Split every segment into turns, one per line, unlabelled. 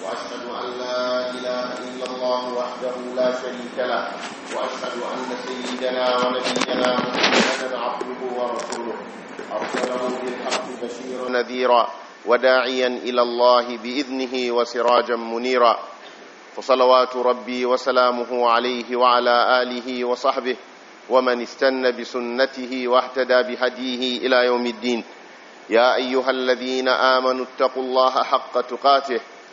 وأشهد أن لا إله إلا الله وحده لا شريك له وأشهد أن سيدنا ونبينا محمدا عبده ورسوله أرسله بالحق بشيرا نذيرا وداعيا إلى الله بإذنه وسراجا منيرا فصلوات ربي وسلامه عليه وعلى آله وصحبه ومن استن بسنته واهتدى بهديه إلى يوم الدين يا أيها الذين آمنوا اتقوا الله حق تقاته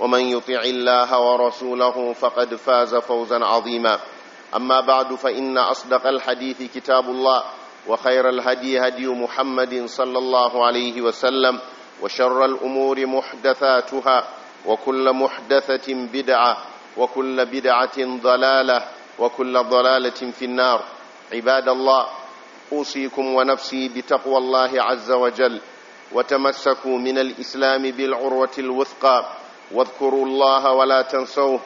ومن يطع الله ورسوله فقد فاز فوزا عظيما أما بعد فإن أصدق الحديث كتاب الله وخير الهدي هدي محمد صلى الله عليه وسلم وشر الأمور محدثاتها وكل محدثة بدعة وكل بدعة ضلالة وكل ضلالة في النار عباد الله أوصيكم ونفسي بتقوى الله عز وجل وتمسكوا من الإسلام بالعروة الوثقى واذكروا الله ولا تنسوه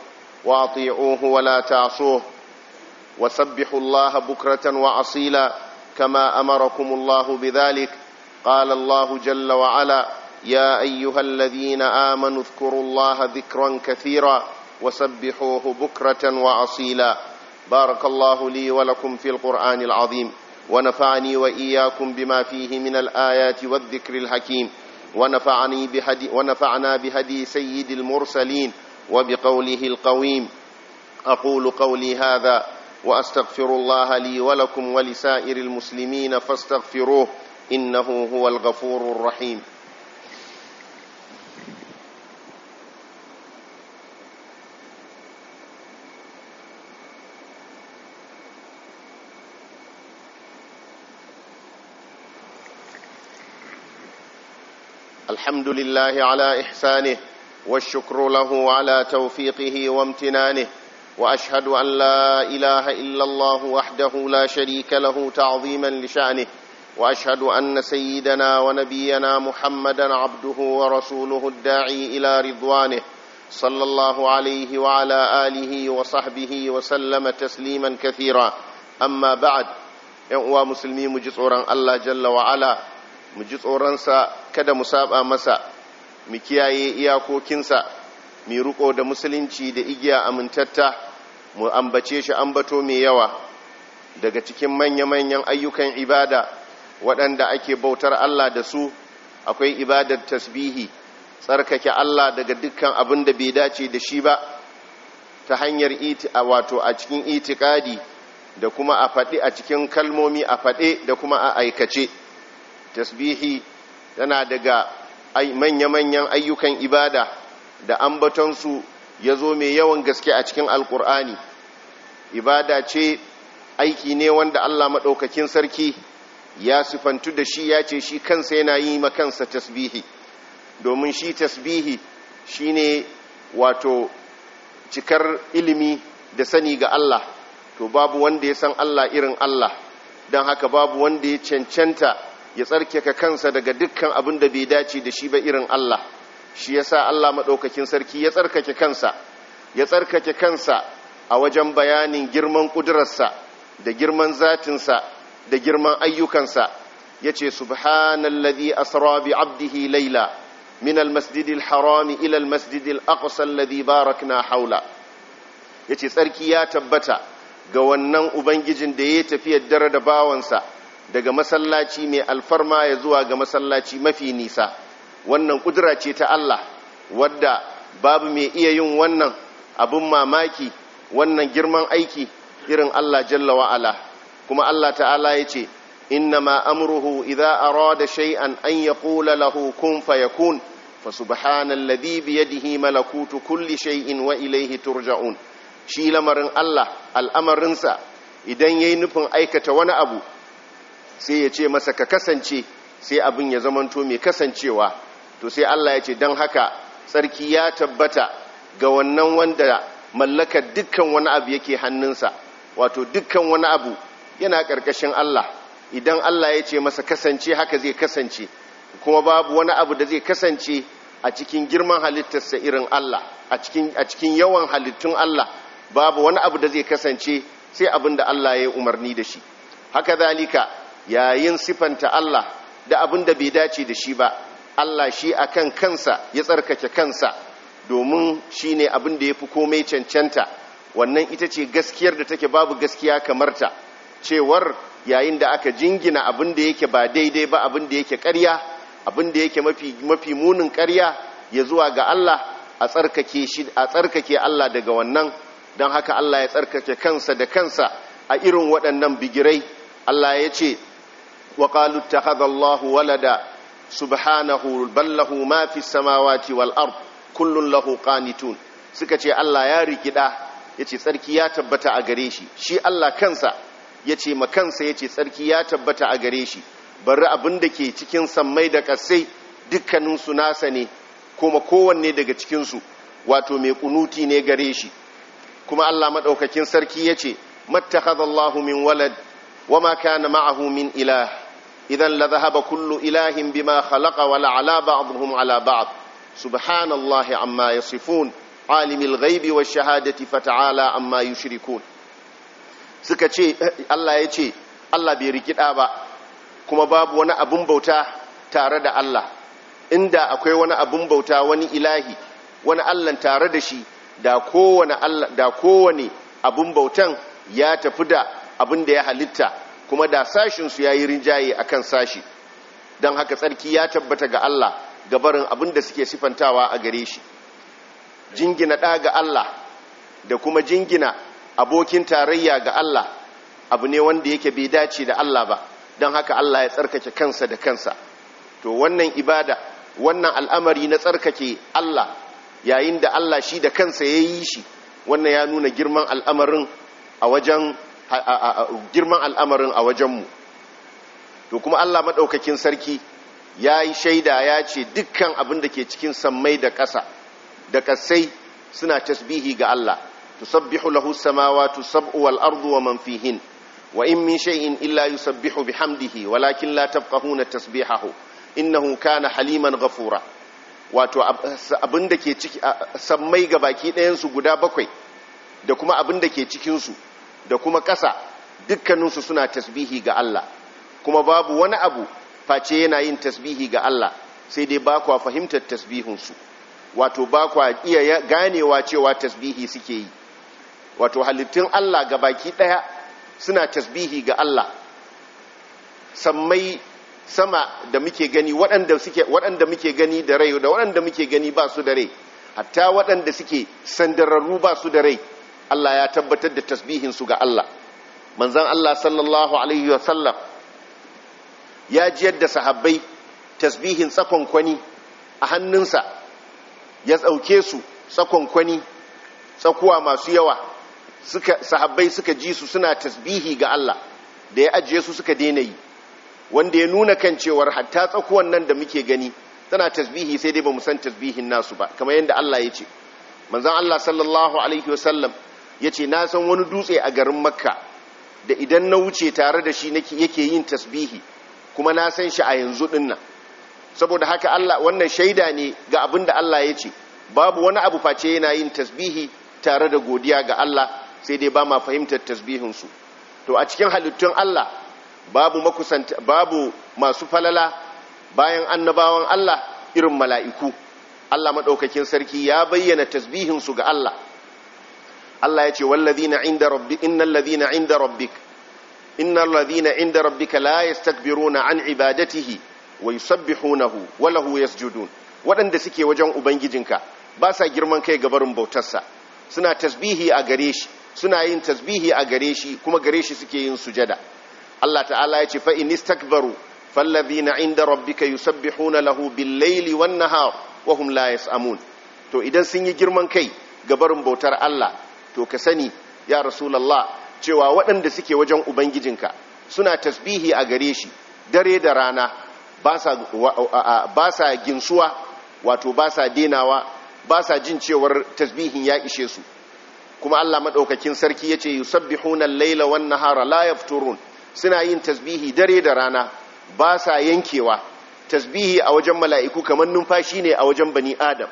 وأطيعوه ولا تعصوه وسبحوا الله بكرة وعصيلا كما أمركم الله بذلك قال الله جل وعلا يا أيها الذين آمنوا اذكروا الله ذكرا كثيرا وسبحوه بكرة وعصيلا بارك الله لي ولكم في القرآن العظيم ونفعني وإياكم بما فيه من الآيات والذكر الحكيم ونفعني بهدي ونفعنا بهدي سيد المرسلين وبقوله القويم أقول قولي هذا وأستغفر الله لي ولكم ولسائر المسلمين فاستغفروه إنه هو الغفور الرحيم الحمد لله على إحسانه والشكر له على توفيقه وامتنانه وأشهد أن لا إله إلا الله وحده لا شريك له تعظيما لشأنه وأشهد أن سيدنا ونبينا محمدا عبده ورسوله الداعي إلى رضوانه صلى الله عليه وعلى آله وصحبه وسلم تسليما كثيرا أما بعد يا مسلمي مجسورا الله جل وعلا mu ji tsoronsa kada mu saba masa mu kiyaye iyakokinsa mu riko da musulunci da igiya amintatta mu ambace shi ambato mai yawa daga cikin manya-manyan ayyukan ibada waɗanda ake bautar Allah da su akwai ibadar tasbihi tsarkake Allah daga dukkan abin da bai dace da shi ba ta hanyar iti wato a cikin itikadi da kuma a faɗi a cikin kalmomi a faɗe da kuma a aikace tasbihi tana daga manya-manyan ayyukan ibada da ambatonsu ya zo mai yawan gaske a cikin alkur'ani ibada ce aiki ne wanda allah maɗaukakin sarki ya sifantu da shi ya ce shi kansa yana yi kansa tasbihi domin shi tasbihi shine wato cikar ilimi da sani ga allah to babu wanda ya san allah irin allah don haka babu wanda ya cancanta ya tsarkake kansa daga dukkan abin da bai dace da shi ba irin Allah shi yasa Allah madaukakin sarki ya tsarkake kansa ya tsarkake kansa a wajen bayanin girman kudurarsa da girman zatinsa da girman ayyukansa yace subhanallazi asra bi abdihi layla min almasjidil harami ila almasjidil aqsa alladhi barakna haula yace tsarki ya tabbata ga wannan ubangijin da ya tafiyar dare da bawansa daga masallaci mai alfarma ya zuwa ga masallaci mafi nisa wannan kudura ce ta Allah wadda babu mai iya yin wannan abin mamaki wannan girman aiki irin Allah jalla wa'ala kuma Allah ta'ala ya ce innama amruhu idza arada shay'an an yaqula lahu kun fayakun fa subhanalladhi bi yadihi malakutu kulli shay'in wa ilayhi turja'un shi lamarin Allah al'amarinsa idan yayi nufin aikata wani abu sai ya ce masa ka kasance sai abin ya zamanto mai kasancewa to sai Allah ya ce don haka tsarki ya tabbata ga wannan wanda mallaka dukkan wani abu yake hannunsa wato dukkan wani abu yana karkashin Allah idan Allah ya ce masa kasance haka zai kasance kuma babu wani abu da zai kasance a cikin girman halittarsa irin Allah a cikin yawan halittun Allah babu wani abu da zai kasance sai abin da Allah ya yi umarni da shi haka zalika yayin sifanta Allah da abin da bai dace da shi ba Allah shi akan kansa ya tsarkake kansa domin shi ne abin da ya fi komai cancanta wannan ita ce gaskiyar da take babu gaskiya kamar ta, cewar yayin da aka jingina abin da yake ba daidai ba abin da yake karya abin da yake mafi munin karya ya zuwa ga Allah tsarkake shi a tsarkake Allah daga wannan don haka Allah ya tsarkake kansa da kansa a irin waɗannan bigirai Allah ya ce وقالوا اتخذ الله ولدا سبحانه بل له ما في السماوات والارض كل له قانتون سكتي الله ya tabbata a tabbata shi shi Shi kansa yace ma kansa yace sarki ya tabbata a gare shi bari abin da ke cikin sammai da kasai dukkaninsu nasa ne kuma kowanne daga cikin su wato mai kunuti ne gare shi kuma Allah maɗaukakin sarki yace, ce mattakhadallahu min walad wama kana ma'ahu min ilah idan la kullu ilahin bima khalaqa wa la'ala ba'dhum ala ba'd subhanallahi amma yasifun alimil ghaibi wash shahadati fata'ala amma yushrikun suka ce Allah ya ce Allah bai rikida ba kuma babu wani abun bauta tare da Allah inda akwai wani abun bauta wani ilahi wani Allah tare da shi da kowane abun bautan ya tafi da abin da ya halitta kuma da sashinsu ya yi rinjaye a kan sashi don haka tsarki ya tabbata ga Allah gabarin abin da suke sifantawa a gare shi jingina ɗa ga Allah da kuma jingina abokin tarayya ga Allah abu ne wanda yake bai dace da Allah ba don haka Allah ya tsarkake kansa da kansa to wannan ibada wannan al'amari na tsarkake Allah yayin da Allah shi da kansa ya yi shi wannan ya nuna girman al'amarin a wajen girman al'amarin a wajenmu to kuma Allah maɗaukakin sarki ya yi shaida ya ce dukkan abin da ke cikin sammai da ƙasa da ƙasai suna tasbihi ga Allah tusabbihu lahu samawati sab'u wal ardu wa man fihin wa in min shay'in illa yusabbihu bihamdihi walakin la tafqahuna tasbihahu innahu kana haliman ghafura wato abin da ke ciki sammai ga baki ɗayan su guda bakwai da kuma abin da ke cikin su da kuma ƙasa dukkaninsu suna tasbihi ga Allah kuma babu wani abu face yana yin tasbihi ga Allah sai dai bakwa fahimtar tasbihinsu wato bakwa iya ganewa cewa tasbihi suke yi wato halittun Allah ga baki ɗaya suna tasbihi ga Allah sammai sama da muke gani waɗanda muke gani da rai da waɗanda muke gani ba su da rai hatta waɗanda suke sandararru ba su da rai Allah ya tabbatar da tasbihinsu ga Allah manzan Allah sallallahu alaihi wasallam ya jiyar da sahabbai tasbihin tsakon kwani a hannunsa ya tsauke su tsakon kwani tsakuwa masu yawa suka sahabbai suka ji su suna tasbihi ga Allah da ya ajiye su suka daina yi wanda ya nuna kan cewar hatta tsakuwan nan da muke gani tana tasbihi sai dai ba mu san tasbihin nasu ba kamar yadda Allah ya ce manzan Allah sallallahu alaihi wasallam ya ce na san wani dutse a garin makka da idan na wuce tare da shi yake yin tasbihi kuma na san shi a yanzu dinnan saboda haka Allah wannan shaida ne ga abin da Allah ya ce babu wani abu face yana yin tasbihi tare da godiya ga Allah sai dai ba ma fahimtar tasbihinsu to a cikin halittun Allah babu makusanta babu masu falala bayan annabawan Allah irin mala'iku Allah madaukakin sarki ya bayyana tasbihinsu ga Allah Allah ya ce wallazina inda rabbi inda inda an ibadatihi wa yusabbihunahu wa waɗanda suke wajen ubangijinka ba sa girman kai ga bautarsa suna tasbihi a gare shi suna yin tasbihi a gare shi kuma gare shi suke yin sujada Allah ta'ala ya ce fa in istakbaru fallazina inda rabbika yusabbihuna lahu bil-laili wan-nahar wa hum la yas'amun to idan sun yi girman kai ga barin bautar Allah to ka sani ya rasulallah cewa waɗanda suke wajen ubangijinka suna tasbihi a gare shi dare da rana ba sa ginsuwa wato ba sa denawa ba sa jin cewar tasbihin ya ishe su kuma Allah maɗaukakin sarki ya ce sabbi hunan laila wan nahara layaf turun suna yin tasbihi dare da rana ba sa yankewa tasbihi a wajen mala'iku kamar numfashi ne a wajen bani adam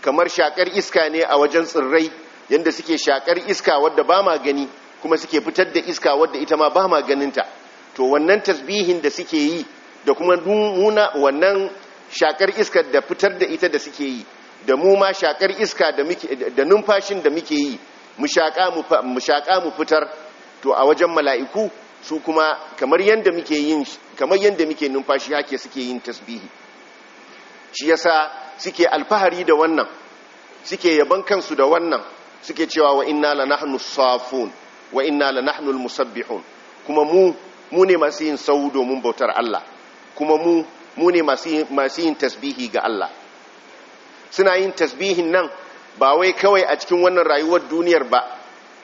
kamar shakar iska ne a wajen tsirrai Yadda suke shakar iska wadda ba ma gani kuma suke fitar da iska wadda ita ma ba ma ganinta to wannan tasbihin da suke yi da kuma muna wannan shakar iska da fitar da ita da suke yi da mu ma shakar iska da numfashin da muke yi mu shaƙa mu fitar to a wajen mala'iku su kuma kamar yadda muke yin kamar yadda muke numfashi hake suke yin tasbihi shi yasa suke alfahari da wannan suke yaban kansu da wannan suke cewa wa inna la nahnu safun wa inna la nahnu musabbihun kuma mu mu ne masu yin sau domin bautar Allah kuma mu mu ne masu yin tasbihi ga Allah suna yin tasbihin nan ba wai kawai a cikin wannan rayuwar duniyar ba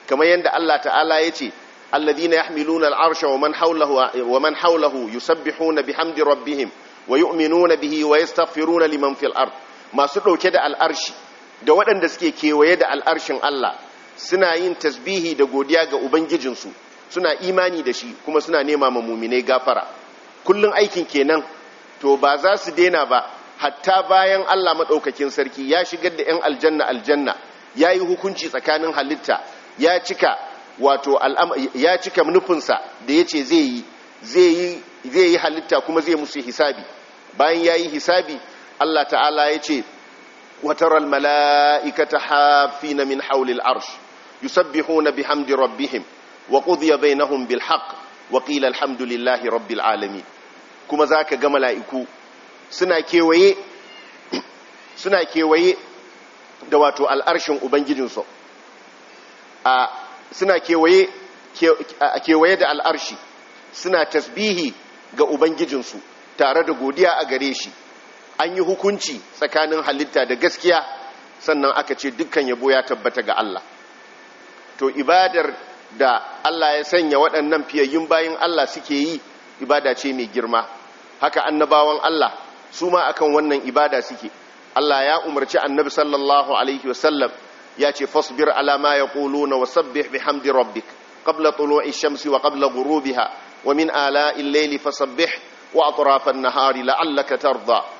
kamar yadda Allah ta'ala ya ce alladhina yahmiluna al'arsha wa man hawlahu wa man hawlahu yusabbihuna bihamdi rabbihim wa yu'minuna bihi wa yastaghfiruna liman fil ard masu dauke da al'arshi da waɗanda suke kewaye da al'arshin Allah suna yin tasbihi da godiya ga ubangijinsu suna imani da shi kuma suna nema ma muminai gafara Kullum aikin kenan to ba za su daina ba hatta bayan Allah maɗaukakin sarki ya shigar da yan aljanna aljanna ya yi hukunci tsakanin halitta ya cika wato ya cika nufinsa da ya ce zai yi halitta kuma zai musu hisabi bayan ya yi hisabi Allah ta'ala ya ce. وترى الملائكة حافين من حول العرش يسبحون بحمد ربهم وقضي بينهم بالحق وقيل الحمد لله رب العالمين كما ذاك ga mala'iku suna kewaye suna kewaye da al'arshin ubangijinsu a suna kewaye da al'arshi suna tasbihi ga ubangijinsu tare da godiya a gare shi an yi hukunci tsakanin halitta da gaskiya sannan aka ce dukkan yabo ya tabbata ga Allah to ibadar da Allah ya sanya waɗannan fiyayyun bayin Allah suke yi ibada ce mai girma haka annabawan Allah su ma akan wannan ibada suke Allah ya umarci annabi sallallahu alaihi wasallam ya ce fasbir ala ma yaquluna wasabbih bihamdi rabbik qabla tulu'i shamsi wa qabla ghurubiha wa min ala'i al fasabbih wa atrafan nahari la'allaka tarda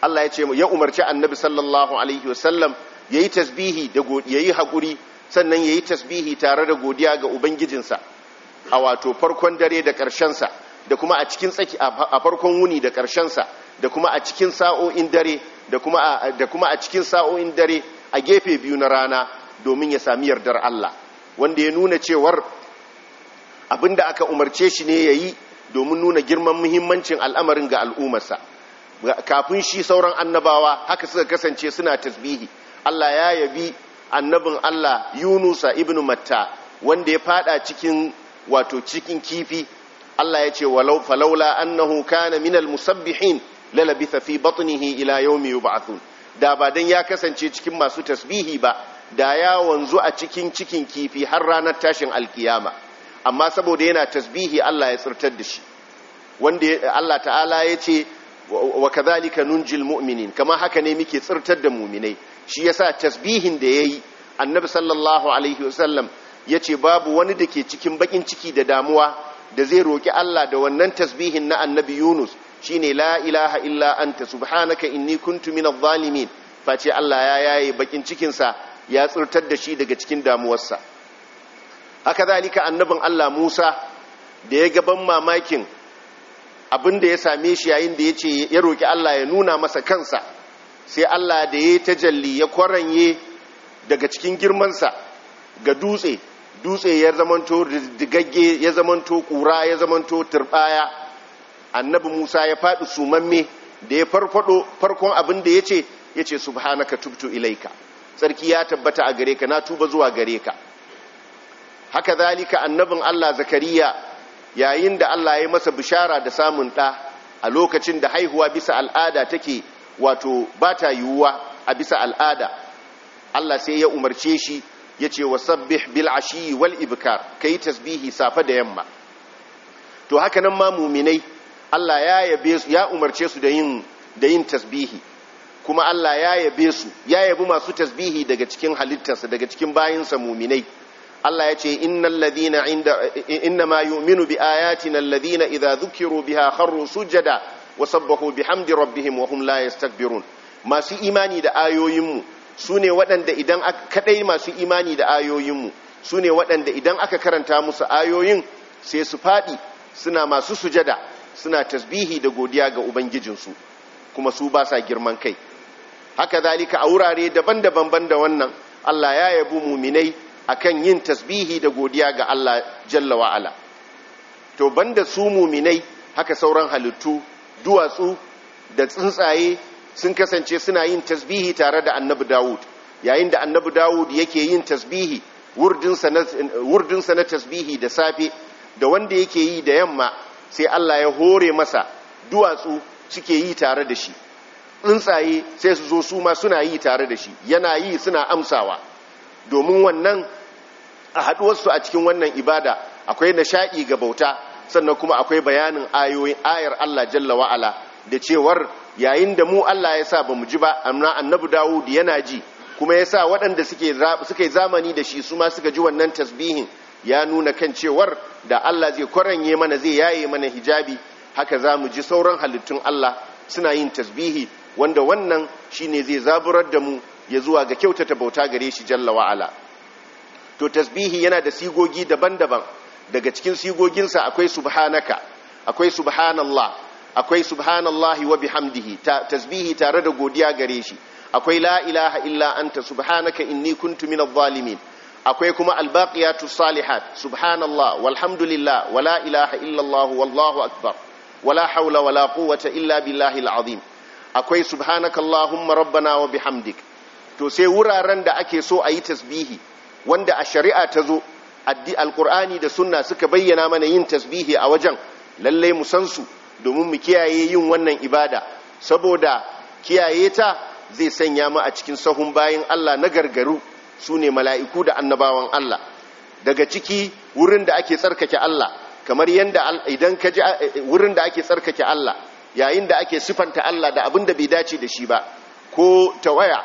Allah ya ce ya umarci annabi sallallahu alaihi wasallam yayi tasbihi da yayi hakuri sannan yayi tasbihi tare da godiya ga ubangijinsa a wato farkon dare da ƙarshen sa da kuma a cikin tsaki a farkon wuni da ƙarshen sa da kuma a cikin sa'o'in dare da kuma da kuma a cikin sa'o'in dare a gefe biyu na rana domin ya sami yardar Allah wanda ya nuna cewar abinda aka umarce shi ne yayi domin nuna girman muhimmancin al'amarin ga al'umarsa kafin shi sauran annabawa haka suka kasance suna tasbihi Allah ya yabi annabin Allah Yunusa ibn Matta wanda ya fada cikin wato cikin kifi Allah ya ce walau falaula annahu kana minal musabbihin lalabitha fi batnihi ila yawmi yub'athun da ba dan ya kasance cikin masu tasbihi ba da ya wanzu a cikin cikin kifi har ranar tashin alkiyama amma saboda yana tasbihi Allah ya tsirtar da shi wanda Allah ta'ala ya ce wa kadhalika nunjil mu'minin kama haka ne muke tsirtar da mu'minai shi yasa tasbihin da yayi annabi sallallahu alaihi wasallam yace babu wani dake cikin bakin ciki da damuwa da zai roki Allah da wannan tasbihin na annabi Yunus shine la ilaha illa anta subhanaka inni kuntu minadh zalimin face Allah ya yaye bakin cikin sa ya tsirtar da shi daga cikin damuwarsa haka zalika annabin Allah Musa da ya gaban mamakin abin da ya same shi yayin da ya ce ya roƙi Allah ya nuna masa kansa sai Allah da ya tajalli ya kwaranye daga cikin girmansa ga dutse dutse ya zamanto digagge ya zamanto kura ya zamanto turbaya annabi Musa ya faɗi sumamme da ya farfado farkon abin da ya ce ya ce subhanaka tubtu ilaika sarki ya tabbata a gare ka na tuba zuwa gare ka haka zalika annabin Allah zakariya yayin da Allah ya masa bishara da samun ɗa a lokacin da haihuwa bisa al'ada take wato ba ta yiwuwa a bisa al'ada Allah sai ya umarce shi ya ce wa sabbih bil ashi wal ibkar kai tasbihi safa da yamma to haka nan ma muminai Allah ya yabe su ya umarce su da yin da yin tasbihi kuma Allah ya yabe su ya yabi masu tasbihi daga cikin halittarsa daga cikin bayinsa muminai Allah ya ce innal ladina inda minu yu'minu bi ayatina ladina idan dhukiru biha kharru sujada wa sabbahu bihamdi rabbihim wa hum la yastakbirun masu imani da ayoyinmu su waɗanda idan masu imani da ayoyinmu waɗanda idan aka karanta musu ayoyin sai su fadi suna masu sujada suna tasbihi da godiya ga ubangijinsu kuma su ba sa girman kai haka zalika a wurare daban-daban banda wannan Allah ya yabi muminai akan yin tasbihi da godiya ga Allah jalla wa'ala to banda su muminai haka sauran halittu duwatsu da tsuntsaye sun kasance suna yin tasbihi tare da annabi dawud yayin da annabi dawud yake yin tasbihi wurdinsa na tasbihi da safe da wanda yake yi da yamma sai Allah ya hore masa duwatsu suke yi tare da shi tsuntsaye sai su zo su ma suna yi tare da shi yana yi suna amsawa domin wannan a haduwarsu a cikin wannan ibada akwai nashai ga bauta sannan kuma akwai bayanin ayoyin ayar Allah jalla wa'ala da cewar yayin da mu Allah ya sa ba mu ji ba amma annabi Dawud yana ji kuma ya sa waɗanda suke zamani da shi su ma suka ji wannan tasbihin ya nuna kan cewar da Allah zai kwaranye mana zai yaye mana hijabi haka za mu ji sauran halittun Allah suna yin tasbihi wanda wannan shine zai zaburar da mu ya zuwa ga kyautata bauta gare shi jalla wa'ala to tasbihi yana da sigogi daban-daban daga cikin sigoginsa akwai subhanaka akwai subhanallah akwai subhanallahi wa bihamdihi tasbihi tare da godiya gare shi akwai la ilaha illa anta subhanaka inni kuntu minadh zalimin akwai kuma albaqiyatu salihat subhanallah walhamdulillah wala ilaha illa allah wallahu akbar wala haula wala quwwata illa billahil azim akwai subhanakallahumma rabbana wa bihamdik to sai wuraren da ake so ayi tasbihi wanda a shari'a ta zo addi alkur'ani da sunna suka bayyana mana yin tasbihi a wajen lallai mu san su domin mu kiyaye yin wannan ibada saboda kiyaye ta zai sanya mu a cikin sahun bayin Allah na gargaru su ne mala'iku da annabawan Allah daga ciki wurin da ake tsarkake Allah kamar yanda idan ka ji eh, eh, wurin da ake tsarkake Allah yayin da ake sifanta Allah da abin da bai dace da shi ba ko tawaya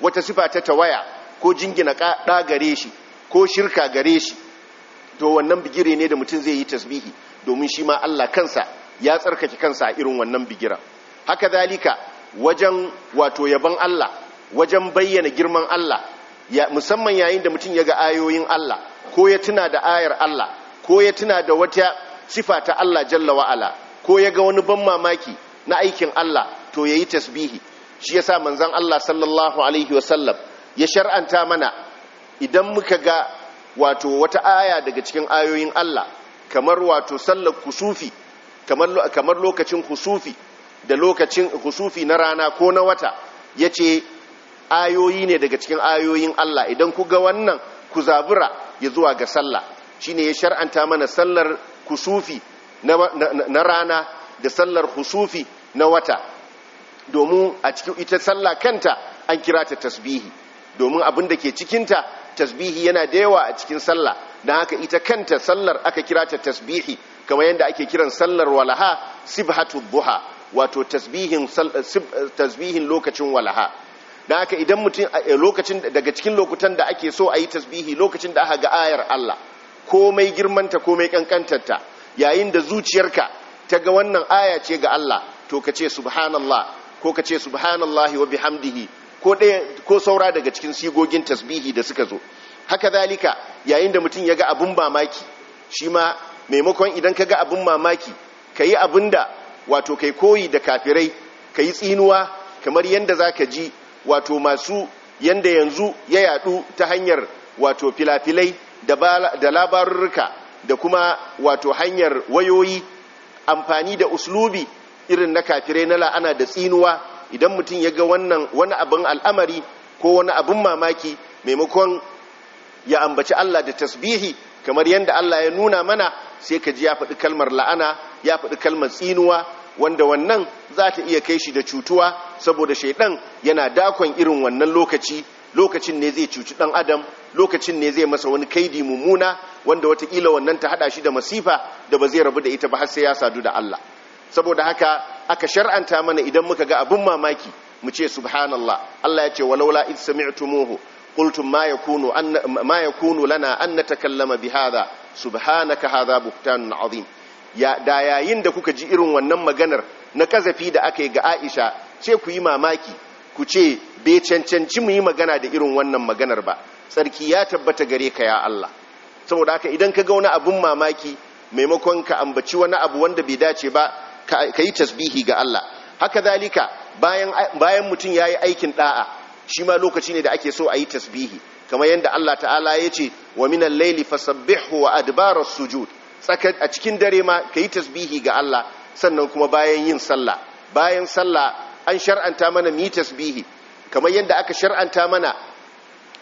wata sifa ta tawaya ko jingina ɗa gare shi ko shirka gare shi to wannan bigire ne da mutum zai yi tasbihi domin shi ma Allah kansa ya tsarkake kansa a irin wannan bigira haka zalika wajen wato yaban Allah wajen bayyana girman Allah ya, musamman yayin da mutum ya ga ayoyin Allah ko ya tuna da ayar Allah ko ya tuna da wata sifa ta Allah jalla wa'ala ko ya ga wani ban mamaki na aikin Allah to ya yi tasbihi shi ya sa manzan Allah sallallahu alaihi wasallam ya shar'anta mana idan muka ga wato wata aya daga cikin ayoyin Allah kamar wato sallar kusufi kamar kamar lokacin kusufi da lokacin kusufi na rana ko na wata yace ayoyi ne daga cikin ayoyin Allah idan ku ga wannan ku zabura ya zuwa ga sallah shine ya shar'anta mana sallar kusufi na, na, na rana da sallar kusufi na wata domin a cikin ita sallah kanta an kira ta tasbihi domin abin da ke cikinta tasbihi yana da yawa a cikin sallah don haka ita kanta sallar aka kira ta tasbihi kamar yadda ake kiran sallar walaha sibhatu buha wato eh, eh, tasbihin lokacin walaha don haka idan mutum eh, lokacin daga cikin lokutan da ake so a yi tasbihi lokacin da aka ga ayar Allah komai girmanta komai kankantarta yayin da zuciyarka ta ga wannan aya ce ga Allah to ka ce subhanallah ko ka ce subhanallahi wa bihamdihi ko ɗaya ko saura daga cikin sigogin tasbihi da suka zo haka zalika yayin da mutum ya ga abin mamaki shi ma maimakon idan ka ga abin mamaki ka yi abin da wato kai koyi da kafirai ka yi tsinuwa kamar yadda za ka ji wato masu yadda yanzu ya yadu ta hanyar wato filafilai da labarurruka da kuma wato hanyar wayoyi amfani da uslubi irin na kafirai na la'ana da tsinuwa idan mutum ya ga wannan wani abin al'amari ko wani abin mamaki maimakon ya ambaci Allah da tasbihi kamar yadda Allah ya nuna mana sai ka ji ya faɗi kalmar la'ana ya faɗi kalmar tsinuwa wanda wannan za ta iya kai shi da cutuwa saboda shaidan yana dakon irin wannan lokaci lokacin ne zai cuci ɗan adam lokacin ne zai masa wani kaidi mummuna wanda watakila wannan ta haɗa shi da masifa da ba zai rabu da ita ba har sai ya sadu da Allah saboda haka aka shar'anta mana idan muka ga abin mamaki mu ce subhanallah Allah ya ce walaula id sami'tumuhu qultum ma yakunu an ma yakunu lana an natakallama bihadha subhanaka hadha buhtanun azim ya da yayin da kuka ji irin wannan maganar na kazafi da aka yi ga Aisha ce ku yi mamaki ku ce bai cancanci mu yi magana da irin wannan maganar ba sarki ya tabbata gare ka ya Allah saboda haka idan ka ga wani abun mamaki maimakon ka ambaci wani abu wanda bai dace ba ka yi tasbihi ga Allah haka zalika bayan bayan mutum yayi aikin da'a shi ma lokaci ne da ake so a yi tasbihi kamar yadda Allah ta'ala ya ce wa mina laili fasabbihu wa adbaras sujud tsaka a cikin dare ma ka yi tasbihi ga Allah sannan kuma bayan yin sallah bayan sallah an shar'anta mana mi tasbihi kamar yadda aka shar'anta mana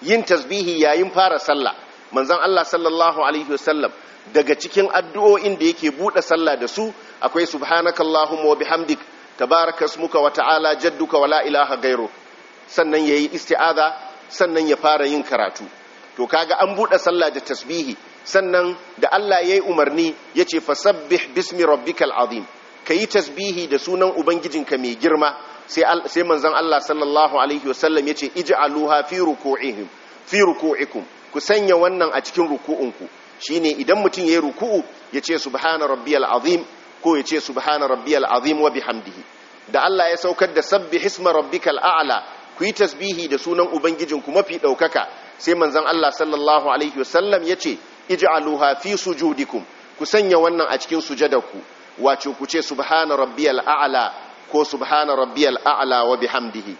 yin tasbihi yayin fara sallah manzon Allah sallallahu alaihi wasallam daga cikin addu'o'in da yake buɗe sallah da su akwai subhanakallahumma wa bihamdik tabarakasmuka wa ta'ala jadduka wa la ilaha gairo sannan yayi isti'aza sannan ya fara yin karatu to kaga an bude sallah da tasbihi sannan da Allah yayi umarni yace fasabbih bismi rabbikal azim kayi tasbihi da sunan ubangijinka mai girma sai sai manzon Allah sallallahu alaihi wasallam yace ij'aluha fi ruku'ihim fi ruku'ikum ku sanya wannan a cikin ruku'unku shine idan mutum yayi ruku'u yace subhana rabbiyal azim ko ya ce subhana rabbiyal azim wa bihamdihi da Allah ya saukar da sabbih isma rabbikal a'la ku yi tasbihi da sunan ubangijinku mafi ɗaukaka, sai manzon Allah sallallahu alaihi wasallam yace ij'aluha fi sujudikum ku sanya wannan a cikin sujadarku wace ku ce subhana rabbiyal a'la ko subhana rabbiyal a'la wa bihamdihi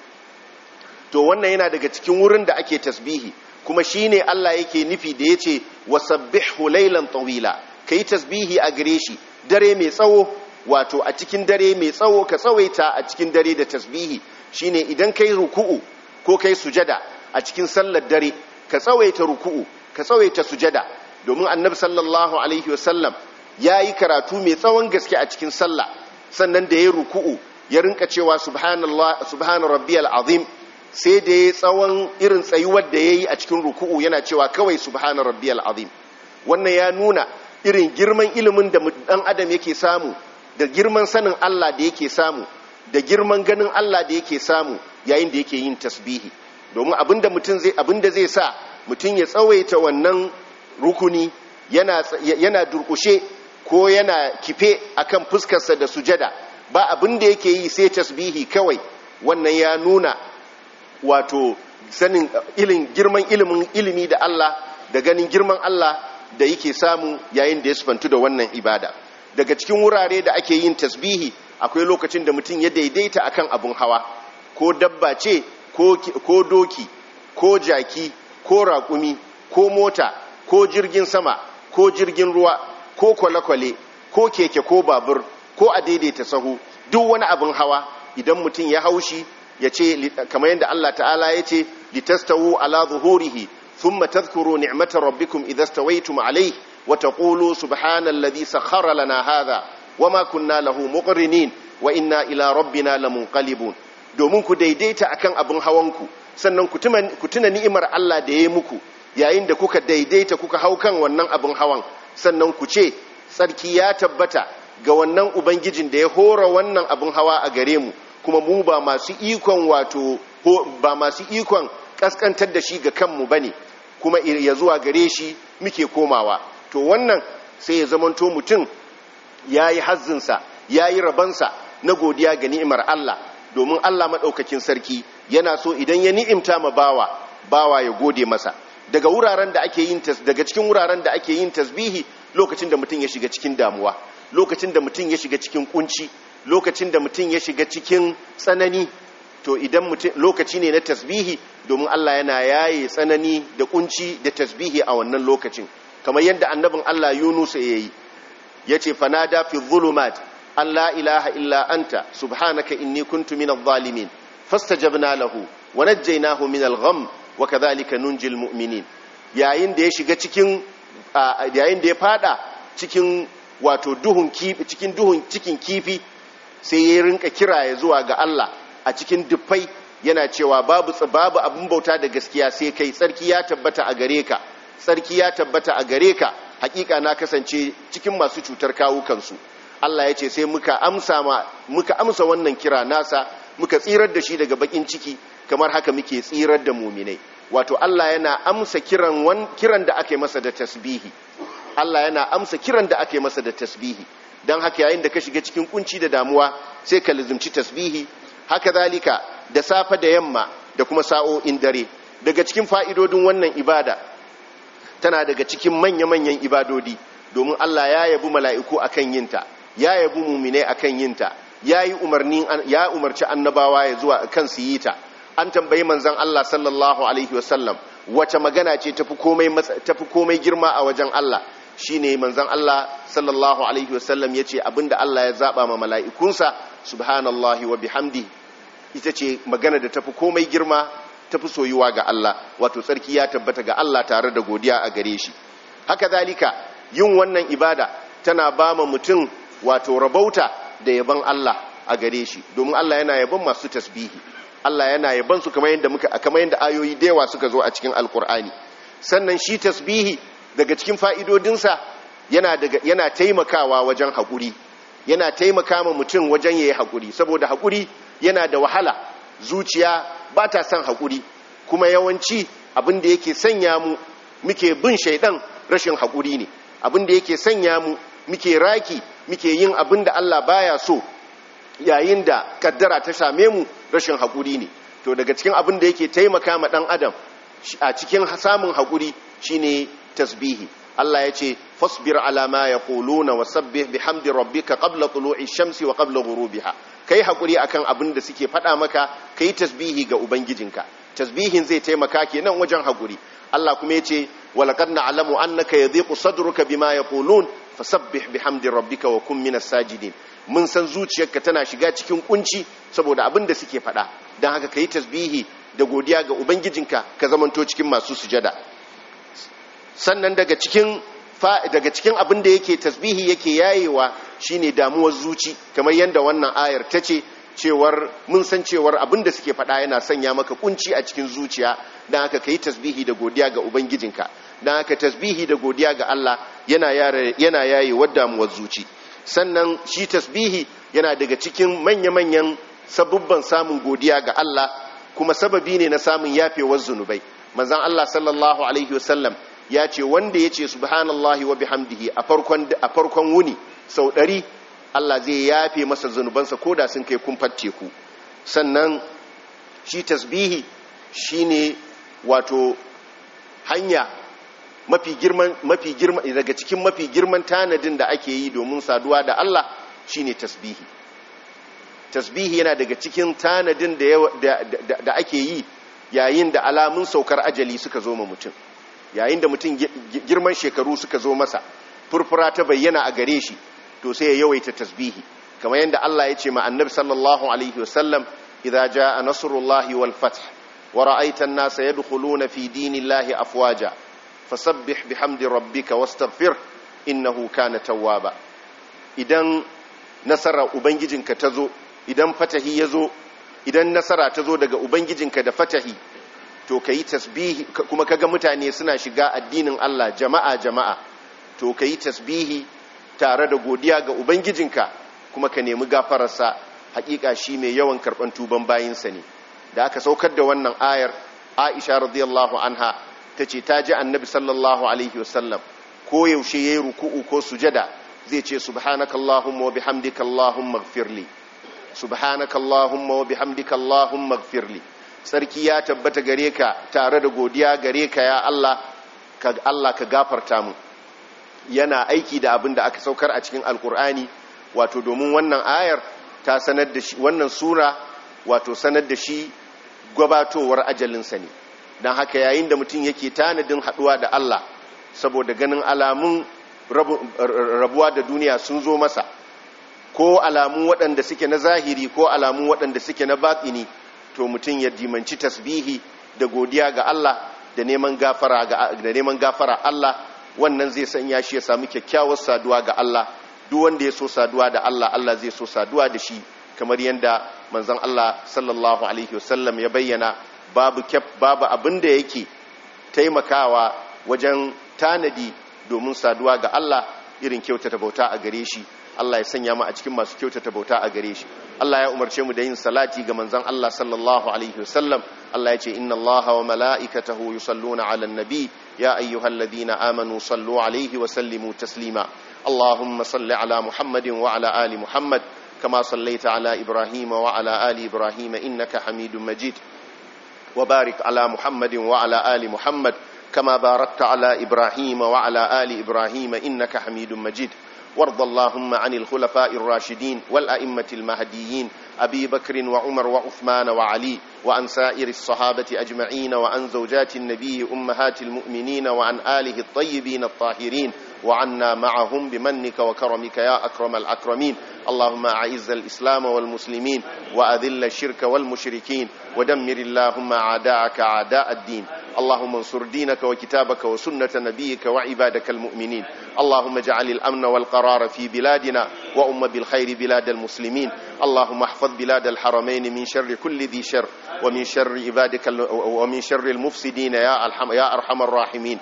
to wannan yana daga cikin wurin da ake tasbihi kuma shi ne Allah yake nufi da yace wasabbihu laylan tawila kai tasbihi a gare shi dare mai tsawo wato a cikin dare mai tsawo ka tsawaita a cikin dare da tasbihi shine idan kai ruku'u ko kai sujada a cikin sallar dare ka tsawaita ruku'u ka tsawaita sujada domin annabi sallallahu alaihi wasallam yayi karatu mai tsawon gaske a cikin sallah sannan da yayi ruku'u ya rinka cewa subhanallah subhana rabbiyal azim sai da yayi tsawon irin tsayuwar da yayi a cikin ruku'u yana cewa kawai subhana rabbiyal azim wannan ya nuna irin girman ilimin da dan adam yake samu da girman sanin Allah da yake samu da girman ganin Allah da yake samu yayin da yake yin tasbihi domin abinda mutum zai abinda zai sa mutum ya tsawaita wannan rukuni yana yana durkushe ko yana kife akan fuskarsa da sujada ba abinda yake yi sai tasbihi kawai wannan ya nuna wato sanin ilin girman ilimin ilimi da Allah da ganin girman Allah da yake samu yayin da ya sufantu da wannan ibada daga cikin wurare da ake yin tasbihi akwai lokacin da mutum ya daidaita akan abun hawa ko dabba ce ko doki ko jaki ko raƙumi ko mota ko jirgin sama ko jirgin ruwa ko kwale-kwale ko keke ko babur ko a daidaita sahu duk wani abin hawa idan mutum ya haushi ya ce kamar yadda Allah ta'ala ya ce litastawu ala zuhurihi thumma tadhkuru ni'mata rabbikum idha stawaytum alayhi wa taqulu subhana alladhi sakhkhara lana hadha wama kunna lahu muqrinin wa inna ila rabbina lamunqalibun domin ku daidaita a kan abin ku sannan ku tuna ni'imar Allah da ya muku yayin da kuka daidaita kuka hau kan wannan abin hawan sannan ku ce tsarki ya tabbata ga wannan ubangijin da ya hora wannan abin hawa a gare mu kuma mu ba masu ikon wato da shi ga kanmu bane kuma ya zuwa gare shi muke komawa to wannan sai ya zamanto mutum ya yi hazzinsa ya yi rabansa na godiya ga ni'imar Allah domin Allah maɗaukakin sarki yana so idan ya ni'imta ma bawa bawa ya gode masa daga wuraren da ake yin daga cikin wuraren da ake yin tasbihi lokacin da mutum ya shiga cikin damuwa lokacin da mutum ya shiga cikin kunci lokacin da mutum ya shiga cikin tsanani to idan lokaci ne na tasbihi domin Allah yana yaye tsanani da kunci da tasbihi a wannan lokacin kamar yadda annabin Allah Yunus ya yi ya ce fanada fi zulumat Allah ilaha illa anta subhanaka inni kuntu minadh zalimin fastajabna lahu wa najjaynahu minal gham wa kadhalika nunjil mu'minin yayin da ya shiga cikin yayin da ya fada cikin wato duhun kifi cikin duhun cikin kifi sai ya rinka kiraye zuwa ga Allah a cikin dufai yana cewa babu babu abin bauta da gaskiya sai kai tsarki ya tabbata a gare ka tsarki ya tabbata a gare ka hakika na kasance cikin masu cutar kawukansu Allah ya ce sai muka amsa wannan kira nasa muka tsirar da shi daga bakin ciki kamar haka muke tsirar da muminai wato Allah yana amsa kiran wan kiran da ake masa da tasbihi Allah yana amsa kiran da ake masa da tasbihi dan haka yayin da ka shiga cikin kunci da damuwa sai ka lazumci tasbihi haka zalika da safa da yamma da kuma sa'o'in dare daga cikin fa'idodin wannan ibada tana daga cikin manya-manyan ibadodi domin Allah ya yabi mala'iku akan yinta ya yabi mumine akan yinta ya yi umarni ya umarci annabawa ya zuwa kan su yi ta an tambayi manzon Allah sallallahu alaihi wasallam wace magana ce tafi komai girma a wajen Allah shine manzan Allah sallallahu alaihi wasallam ce abinda Allah ya zaba ma mala'ikunsa subhanallahi wa bihamdihi ita ce magana da tafi komai girma tafi soyuwa ga Allah wato tsarki ya tabbata ga Allah tare da godiya a gare shi haka zalika yin wannan ibada tana ba ma mutum wato rabauta da yaban Allah a gare shi domin Allah yana yaban masu tasbihi Allah yana yaban su kamar yadda muka kamar yadda ayoyi da yawa suka zo a cikin alkur'ani sannan shi tasbihi daga cikin fa'idodinsa yana daga yana taimakawa wajen hakuri yana taimaka ma mutum wajen yayi hakuri saboda hakuri yana da wahala zuciya ba ta son haƙuri kuma yawanci abin da yake sanya mu muke bin shaidan rashin haƙuri ne abin da yake sanya mu muke raki muke yin abin da Allah baya so yayin da kaddara ta same mu rashin haƙuri ne to daga cikin abin da yake taimaka ma ɗan adam a cikin samun haƙuri shine tasbihi Allah ya ce fasbir ya ma yaquluna wasabbih bihamdi ka qabla tulu'i shamsi wa qabla ha. kai hakuri akan abin da suke faɗa maka ka yi tasbihi ga ubangijinka tasbihin zai taimaka kenan wajen hakuri Allah kuma ya yace walaqad na'lamu annaka yadhiqu sadruka bima yaqulun fasabbih bihamdi rabbika wa kun minas sajidin mun san zuciyarka tana shiga cikin kunci saboda abin da suke faɗa dan haka ka yi tasbihi da godiya ga ubangijinka ka zamanto cikin masu sujada sannan daga cikin daga cikin abin da yake tasbihi yake yayewa shine damuwar zuci kamar yadda wannan ayar ta ce cewar mun san cewar abin da suke faɗa yana sanya maka kunci a cikin zuciya don aka ka yi tasbihi da godiya ga ubangijinka don aka tasbihi da godiya ga Allah yana yayewar damuwar zuci sannan shi tasbihi yana daga cikin manya-manyan sabubban samun godiya ga Allah kuma sababi ne na samun yafewar zunubai manzan Allah sallallahu alaihi wasallam ya ce wanda ya ce subhanallahi wa bihamdihi a farkon a farkon wuni sau ɗari Allah zai yafe masa zunubansa ko da sun kai kumfar teku sannan shi tasbihi shine wato hanya mafi girman mafi girman daga cikin mafi girman tanadin da ake yi domin saduwa da Allah shine tasbihi tasbihi yana daga cikin tanadin da da ake yi yayin da alamun saukar ajali suka zo ma mutum yayin da mutum girman shekaru suka zo masa furfura ta bayyana a gare shi to sai ya yawaita tasbihi kamar yadda Allah ya ce ma annabi sallallahu alaihi wasallam idza jaa nasrullahi wal fath wa ra'aita an-nasa yadkhuluna fi dinillahi afwaja fasabbih bihamdi rabbika wastaghfir innahu kana tawwaba idan nasara ubangijinka tazo idan fatahi yazo idan nasara tazo daga ubangijinka da fatahi to ka yi tasbihi kuma kaga mutane suna shiga addinin Allah jama'a jama'a to ka yi tasbihi tare da godiya ga ubangijinka kuma ka nemi gafararsa hakika shi mai yawan karban tuban bayinsa ne da aka saukar da wannan ayar aisha radiyallahu anha ta ta ji annabi sallallahu alaihi wasallam ko yaushe yayi ruku'u ko sujada zai ce subhanakallahumma wa bihamdika allahumma ighfirli subhanakallahumma wa bihamdika allahumma ighfirli sarki ya tabbata gare ka tare da godiya gare ka ya Allah ka Allah ka gafarta mu yana aiki da abin da aka saukar a cikin alkur'ani wato domin wannan ayar ta sanar da shi wannan sura wato sanar da shi gabatowar ajalinsa ne don haka yayin da mutum yake tanadin haduwa da Allah saboda ganin alamun rabuwa da duniya sun zo masa ko alamun waɗanda suke na zahiri ko alamun waɗanda suke na baƙini to mutum ya dimanci tasbihi da godiya ga Allah da neman gafara da neman gafara Allah wannan zai sanya shi ya samu kyakkyawar saduwa ga Allah duk wanda ya so saduwa da Allah Allah zai so saduwa da shi kamar yadda manzon Allah sallallahu alaihi wasallam ya bayyana babu babu abin da yake taimakawa wajen tanadi domin saduwa ga Allah irin kyautata bauta a gare shi Allah ya sanya mu a cikin masu kyautata bauta a gare shi Allah ya umarce mu da yin salati ga manzon Allah sallallahu alaihi wasallam Allah ya ce inna Allaha wa mala'ikatahu yusalluna 'alan nabi ya ayyuhalladhina amanu sallu 'alaihi wa sallimu taslima Allahumma salli 'ala Muhammadin wa 'ala ali Muhammad kama sallaita 'ala Ibrahim wa 'ala ali Ibrahim innaka Hamidum Majid wa barik 'ala Muhammadin wa 'ala ali Muhammad kama barakta 'ala Ibrahim wa 'ala ali Ibrahim innaka Hamidum Majid وارض اللهم عن الخلفاء الراشدين والأئمة المهديين أبي بكر وعمر وعثمان وعلي وعن سائر الصحابة أجمعين وعن زوجات النبي أمهات المؤمنين وعن آله الطيبين الطاهرين وعنا معهم بمنك وكرمك يا أكرم الأكرمين اللهم أعز الإسلام والمسلمين وأذل الشرك والمشركين ودمر اللهم عداءك عداء الدين اللهم انصر دينك وكتابك وسنة نبيك وعبادك المؤمنين اللهم اجعل الأمن والقرار في بلادنا وأم بالخير بلاد المسلمين اللهم احفظ بلاد الحرمين من شر كل ذي شر ومن شر عبادك ومن شر المفسدين يا أرحم الراحمين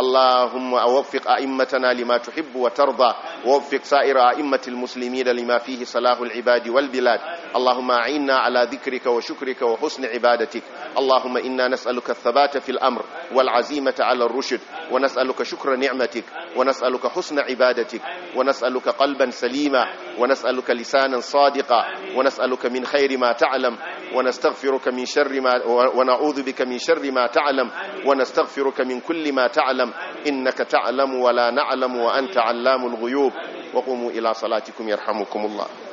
اللهم وفق أئمتنا لما تحب وترضى ووفق سائر أئمة المسلمين لما فيه صلاح العباد والبلاد اللهم أعنا على ذكرك وشكرك وحسن عبادتك اللهم إنا نسألك الثبات في الأمر والعزيمة على الرشد ونسألك شكر نعمتك ونسألك حسن عبادتك ونسألك قلبا سليما ونسألك لسانا صادقا ونسألك من خير ما تعلم ونستغفرك من شر ما ونعوذ بك من شر ما تعلم ونستغفرك من كل ما تعلم تعلم إنك تعلم ولا نعلم وأنت علام الغيوب وقوموا إلى صلاتكم يرحمكم الله